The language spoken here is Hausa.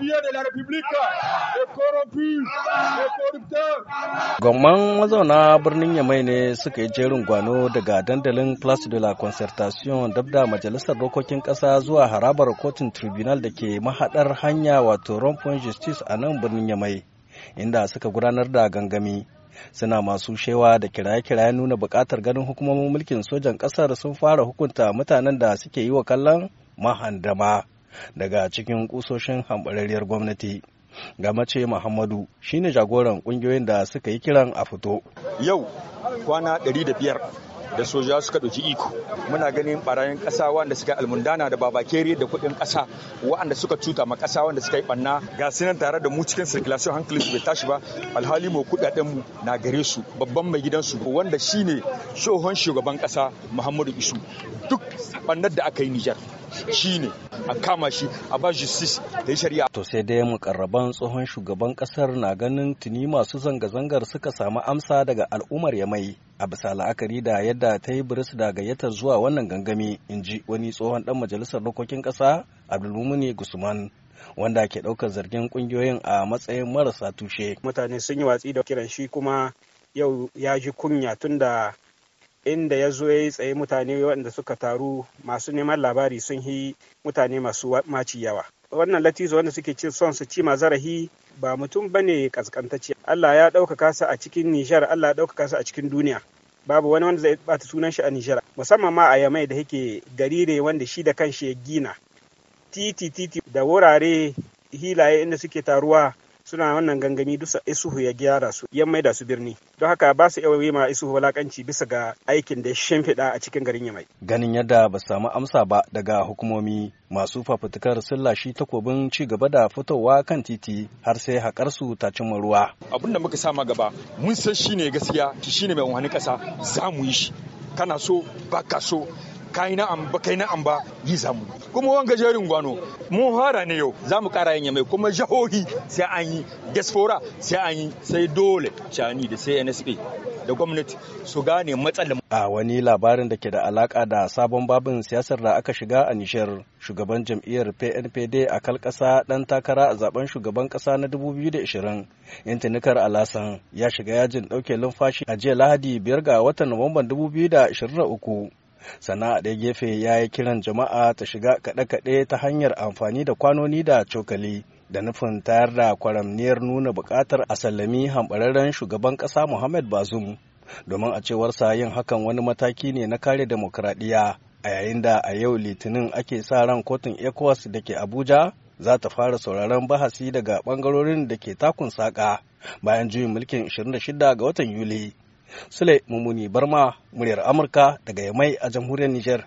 fiye da la République, les corrompus, les Gwamman mazauna birnin Yamai ne suka yi jerin gwano daga dandalin Place de la Concertation dab da Majalisar Dokokin Ƙasa zuwa harabar kotun tribunal da ke mahaɗar hanya wato Rompon Justice a nan birnin Yamai, inda suka gudanar da gangami. suna masu shewa da kiraye-kiraye nuna bukatar ganin hukumomin mulkin sojan ƙasar sun fara hukunta mutanen da suke yi wa kallon mahandama. daga cikin kusoshin hambarariyar gwamnati gamace muhammadu shine jagoran kungiyoyin da suka yi kiran a fito yau kwana biyar. da soja suka ɗauki iko muna ganin barayin ƙasa wanda suka almundana da babakere da kuɗin ƙasa wanda suka cuta ma ƙasa wanda suka yi ɓanna ga sinan tare da mu cikin circulation hankali su bai tashi ba alhali mu kuɗaɗen mu na gare su babban mai gidan su. wanda shine tsohon shugaban ƙasa Muhammadu Isu duk ɓannar da aka yi Nijar ne a kama shi a ba justice da ya shari'a. To sai dai mukarraban tsohon shugaban kasar na ganin tuni masu zanga-zangar suka samu amsa daga al'ummar Yamai. a bisa la'akari da yadda ta yi biris da gayyatar zuwa wannan gangami in ji wani tsohon dan majalisar dokokin ƙasa abdulmumini gusman wanda ke ɗaukar zargin kungiyoyin a matsayin marasa tushe mutane sun yi watsi da kiran shi kuma yau ya ji kunya tunda inda ya zo ya yi tsaye mutane waɗanda suka taru masu neman labari sun yi mutane masu maci yawa wannan latizo wanda suke cin son su ci ma zarahi ba mutum bane kaskantacciya. Allah ya ɗaukaka su a cikin Nijar Allah ya ɗaukaka su a cikin duniya babu wani wanda zai bata sunan shi a Nijar musamman ma a Yamai da yake gari ne wanda shi da kanshi ya gina titi titi da wurare hilaye inda suke taruwa suna wannan gangami dusa isuhu ya gyara su ya maida su birni don haka ba su iya ma isuhu walakanci bisa ga aikin da shimfiɗa a cikin garin yamai ganin yadda ba samu amsa ba daga hukumomi masu fafutukar sun takobin ci gaba da fitowa kan titi har sai haƙar su ta cimma ruwa abin da muka sama gaba mun san shine gaskiya shine mai wani ƙasa za mu yi shi kana so ba ka so kai na ba kai na ba yi samu kuma wanga jerin gwano mu fara ne yau za mu kara yin mai kuma jahohi sai an yi diaspora sai an yi sai dole cani da sai nsp da gwamnati su gane matsalin a wani labarin da ke da alaka da sabon babin siyasar da aka shiga a nishar shugaban jam'iyyar pnpd a kal kasa dan takara a zaben shugaban kasa na 2020 intanikar alasan ya shiga yajin dauke lumfashi a jiya lahadi biyar ga watan nuwamban 2023 sana a ɗaya gefe ya yi kiran jama'a ta shiga kaɗe-kaɗe ta hanyar amfani da kwanoni da cokali da nufin tayar da kwaramniyar nuna buƙatar a sallami hambararren shugaban ƙasa muhammad bazum domin a cewarsa yin hakan wani mataki ne na kare demokradiyya a yayin da a yau litinin ake sa ran kotun ecowas da ke abuja za ta fara sauraron bahasi daga bangarorin da ke takun saƙa bayan juyin mulkin 26 ga watan yuli Sule Mumuni Barma, muryar Amurka daga Yamai a jamhuriyar Niger.